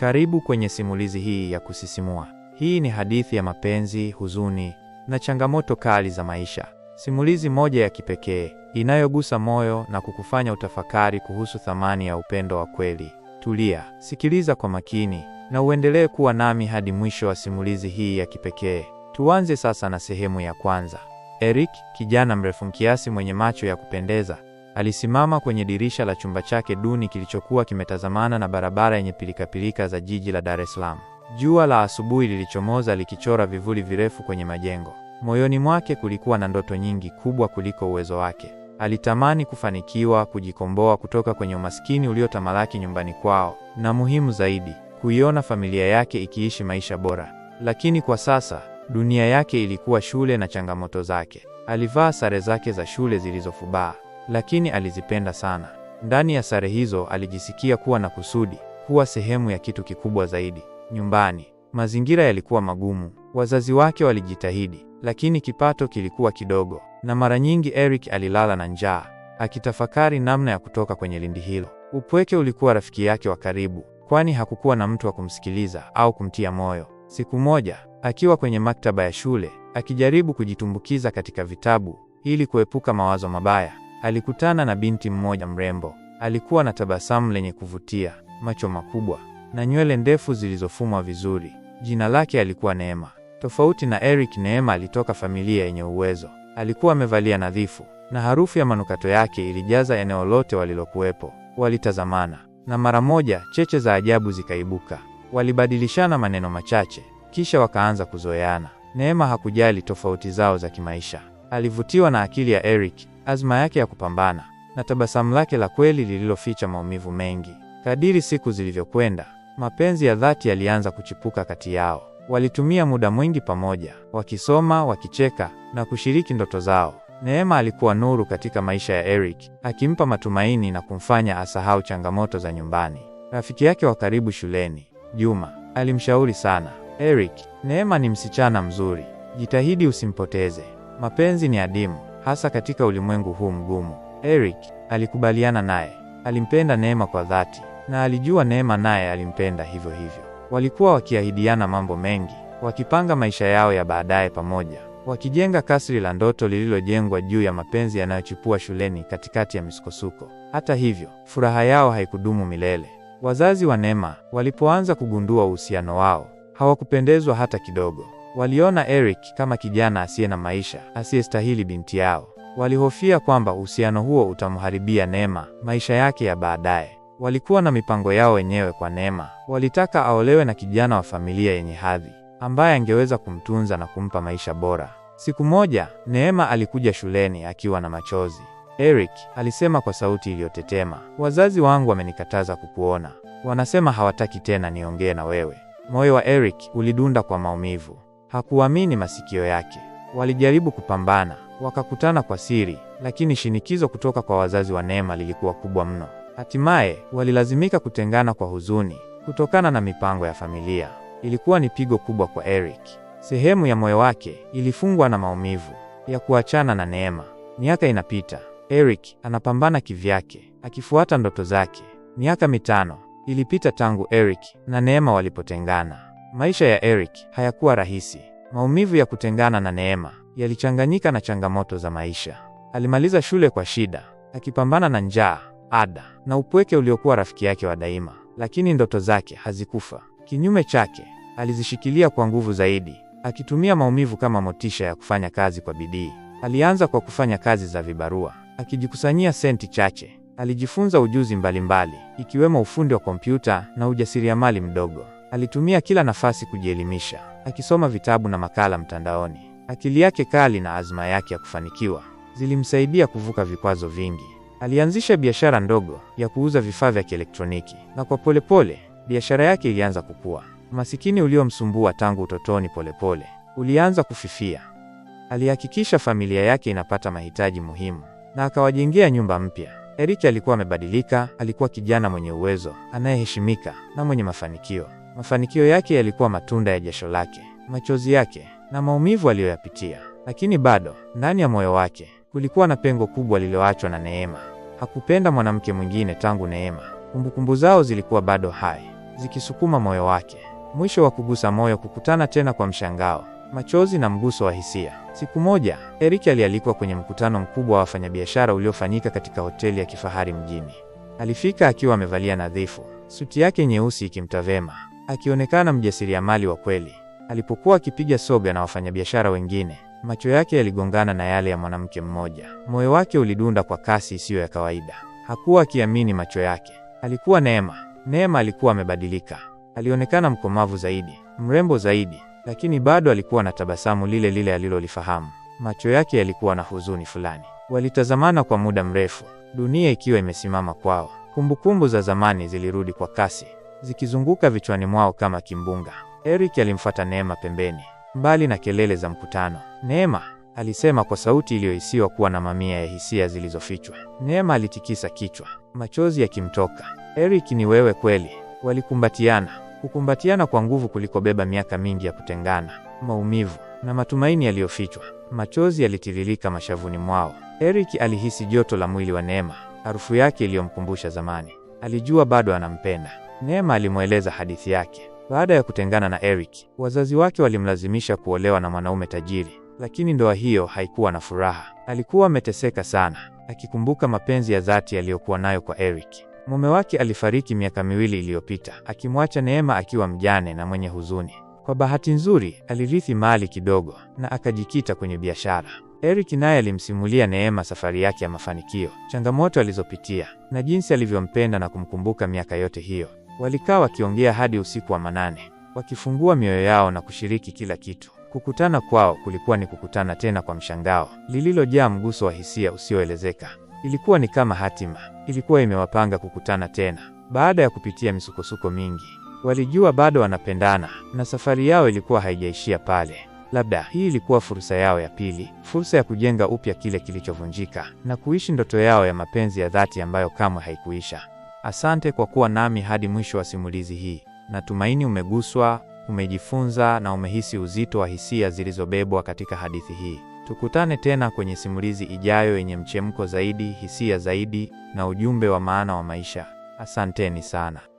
Karibu kwenye simulizi hii ya kusisimua. Hii ni hadithi ya mapenzi, huzuni na changamoto kali za maisha. Simulizi moja ya kipekee inayogusa moyo na kukufanya utafakari kuhusu thamani ya upendo wa kweli. Tulia, sikiliza kwa makini na uendelee kuwa nami hadi mwisho wa simulizi hii ya kipekee. Tuanze sasa na sehemu ya kwanza. Eric, kijana mrefu kiasi mwenye macho ya kupendeza Alisimama kwenye dirisha la chumba chake duni kilichokuwa kimetazamana na barabara yenye pilikapilika za jiji la Dar es Salaam. Jua la asubuhi lilichomoza likichora vivuli virefu kwenye majengo. Moyoni mwake kulikuwa na ndoto nyingi kubwa kuliko uwezo wake. Alitamani kufanikiwa, kujikomboa kutoka kwenye umaskini uliotamalaki nyumbani kwao, na muhimu zaidi, kuiona familia yake ikiishi maisha bora. Lakini kwa sasa, dunia yake ilikuwa shule na changamoto zake. Alivaa sare zake za shule zilizofubaa lakini alizipenda sana. Ndani ya sare hizo alijisikia kuwa na kusudi, kuwa sehemu ya kitu kikubwa zaidi. Nyumbani mazingira yalikuwa magumu, wazazi wake walijitahidi, lakini kipato kilikuwa kidogo, na mara nyingi Eric alilala na njaa, akitafakari namna ya kutoka kwenye lindi hilo. Upweke ulikuwa rafiki yake wa karibu, kwani hakukuwa na mtu wa kumsikiliza au kumtia moyo. Siku moja akiwa kwenye maktaba ya shule akijaribu kujitumbukiza katika vitabu ili kuepuka mawazo mabaya Alikutana na binti mmoja mrembo. Alikuwa na tabasamu lenye kuvutia, macho makubwa na nywele ndefu zilizofumwa vizuri. Jina lake alikuwa Neema. Tofauti na Eric, Neema alitoka familia yenye uwezo. Alikuwa amevalia nadhifu na harufu ya manukato yake ilijaza eneo lote walilokuwepo. Walitazamana na mara moja cheche za ajabu zikaibuka. Walibadilishana maneno machache, kisha wakaanza kuzoeana. Neema hakujali tofauti zao za kimaisha, alivutiwa na akili ya Eric azma yake ya kupambana na tabasamu lake la kweli lililoficha maumivu mengi. Kadiri siku zilivyokwenda, mapenzi ya dhati yalianza kuchipuka kati yao. Walitumia muda mwingi pamoja, wakisoma, wakicheka na kushiriki ndoto zao. Neema alikuwa nuru katika maisha ya Eric, akimpa matumaini na kumfanya asahau changamoto za nyumbani. Rafiki yake wa karibu shuleni, Juma, alimshauri sana Eric, Neema ni msichana mzuri, jitahidi usimpoteze. Mapenzi ni adimu, hasa katika ulimwengu huu mgumu. Eric alikubaliana naye, alimpenda Neema kwa dhati, na alijua Neema naye alimpenda hivyo hivyo. Walikuwa wakiahidiana mambo mengi, wakipanga maisha yao ya baadaye pamoja, wakijenga kasri la ndoto lililojengwa juu ya mapenzi yanayochipua shuleni katikati ya misukosuko. Hata hivyo, furaha yao haikudumu milele. Wazazi wa Neema walipoanza kugundua uhusiano wao, hawakupendezwa hata kidogo. Waliona Eric kama kijana asiye na maisha, asiyestahili binti yao. Walihofia kwamba uhusiano huo utamharibia Neema maisha yake ya baadaye. Walikuwa na mipango yao wenyewe kwa Neema. Walitaka aolewe na kijana wa familia yenye hadhi ambaye angeweza kumtunza na kumpa maisha bora. Siku moja, Neema alikuja shuleni akiwa na machozi. Eric alisema kwa sauti iliyotetema, wazazi wangu wamenikataza kukuona, wanasema hawataki tena niongee na wewe. Moyo wa Eric ulidunda kwa maumivu. Hakuamini masikio yake. Walijaribu kupambana, wakakutana kwa siri, lakini shinikizo kutoka kwa wazazi wa Neema lilikuwa kubwa mno. Hatimaye walilazimika kutengana kwa huzuni kutokana na mipango ya familia. Ilikuwa ni pigo kubwa kwa Eric. Sehemu ya moyo wake ilifungwa na maumivu ya kuachana na Neema. Miaka inapita, Eric anapambana kivyake, akifuata ndoto zake. Miaka mitano ilipita tangu Eric na Neema walipotengana. Maisha ya Eric hayakuwa rahisi. Maumivu ya kutengana na Neema yalichanganyika na changamoto za maisha. Alimaliza shule kwa shida, akipambana na njaa, ada na upweke uliokuwa rafiki yake wa daima, lakini ndoto zake hazikufa. Kinyume chake, alizishikilia kwa nguvu zaidi, akitumia maumivu kama motisha ya kufanya kazi kwa bidii. Alianza kwa kufanya kazi za vibarua, akijikusanyia senti chache. Alijifunza ujuzi mbalimbali, ikiwemo ufundi wa kompyuta na ujasiriamali mdogo. Alitumia kila nafasi kujielimisha, akisoma vitabu na makala mtandaoni. Akili yake kali na azma yake ya kufanikiwa zilimsaidia kuvuka vikwazo vingi. Alianzisha biashara ndogo ya kuuza vifaa vya kielektroniki, na kwa polepole biashara yake ilianza kukua. Masikini uliomsumbua tangu utotoni polepole ulianza kufifia. Alihakikisha familia yake inapata mahitaji muhimu na akawajengea nyumba mpya. Eric alikuwa amebadilika, alikuwa kijana mwenye uwezo, anayeheshimika na mwenye mafanikio. Mafanikio yake yalikuwa matunda ya jasho lake, machozi yake na maumivu aliyoyapitia, lakini bado ndani ya moyo wake kulikuwa na pengo kubwa lililoachwa na Neema. Hakupenda mwanamke mwingine tangu Neema. Kumbukumbu zao zilikuwa bado hai, zikisukuma moyo wake. Mwisho wa kugusa moyo kukutana tena kwa mshangao, machozi na mguso wa hisia. Siku moja, Eric alialikwa kwenye mkutano mkubwa wa wafanyabiashara uliofanyika katika hoteli ya kifahari mjini. Alifika akiwa amevalia nadhifu, suti yake nyeusi ikimtavema akionekana mjasiriamali wa kweli. Alipokuwa akipiga soga na wafanyabiashara wengine, macho yake yaligongana na yale ya mwanamke mmoja. Moyo wake ulidunda kwa kasi isiyo ya kawaida. Hakuwa akiamini macho yake. Alikuwa Neema. Neema alikuwa amebadilika. Alionekana mkomavu zaidi, mrembo zaidi, lakini bado alikuwa na tabasamu lile lile alilolifahamu. Macho yake yalikuwa na huzuni fulani. Walitazamana kwa muda mrefu, dunia ikiwa imesimama kwao. Kumbukumbu za zamani zilirudi kwa kasi zikizunguka vichwani mwao kama kimbunga. Eric alimfuata Neema pembeni, mbali na kelele za mkutano. Neema, alisema kwa sauti iliyohisiwa kuwa na mamia ya hisia zilizofichwa. Neema alitikisa kichwa, machozi yakimtoka. Eric, ni wewe kweli? Walikumbatiana, kukumbatiana kwa nguvu kulikobeba miaka mingi ya kutengana, maumivu na matumaini yaliyofichwa. Machozi yalitiririka mashavuni mwao. Eric alihisi joto la mwili wa Neema, harufu yake iliyomkumbusha zamani. Alijua bado anampenda. Neema alimweleza hadithi yake. Baada ya kutengana na Eric, wazazi wake walimlazimisha kuolewa na mwanaume tajiri, lakini ndoa hiyo haikuwa na furaha. Alikuwa ameteseka sana, akikumbuka mapenzi ya dhati aliyokuwa nayo kwa Eric. Mume wake alifariki miaka miwili iliyopita, akimwacha Neema akiwa mjane na mwenye huzuni. Kwa bahati nzuri, alirithi mali kidogo na akajikita kwenye biashara. Eric naye alimsimulia Neema safari yake ya mafanikio, changamoto alizopitia na jinsi alivyompenda na kumkumbuka miaka yote hiyo. Walikaa wakiongea hadi usiku wa manane, wakifungua mioyo yao na kushiriki kila kitu. Kukutana kwao kulikuwa ni kukutana tena kwa mshangao, lililojaa mguso wa hisia usioelezeka. Ilikuwa ni kama hatima ilikuwa imewapanga kukutana tena. Baada ya kupitia misukosuko mingi, walijua bado wanapendana na safari yao ilikuwa haijaishia pale. Labda hii ilikuwa fursa yao ya pili, fursa ya kujenga upya kile kilichovunjika na kuishi ndoto yao ya mapenzi ya dhati ambayo kamwe haikuisha. Asante kwa kuwa nami hadi mwisho wa simulizi hii. Natumaini umeguswa, umejifunza na umehisi uzito wa hisia zilizobebwa katika hadithi hii. Tukutane tena kwenye simulizi ijayo yenye mchemko zaidi, hisia zaidi na ujumbe wa maana wa maisha. Asanteni sana.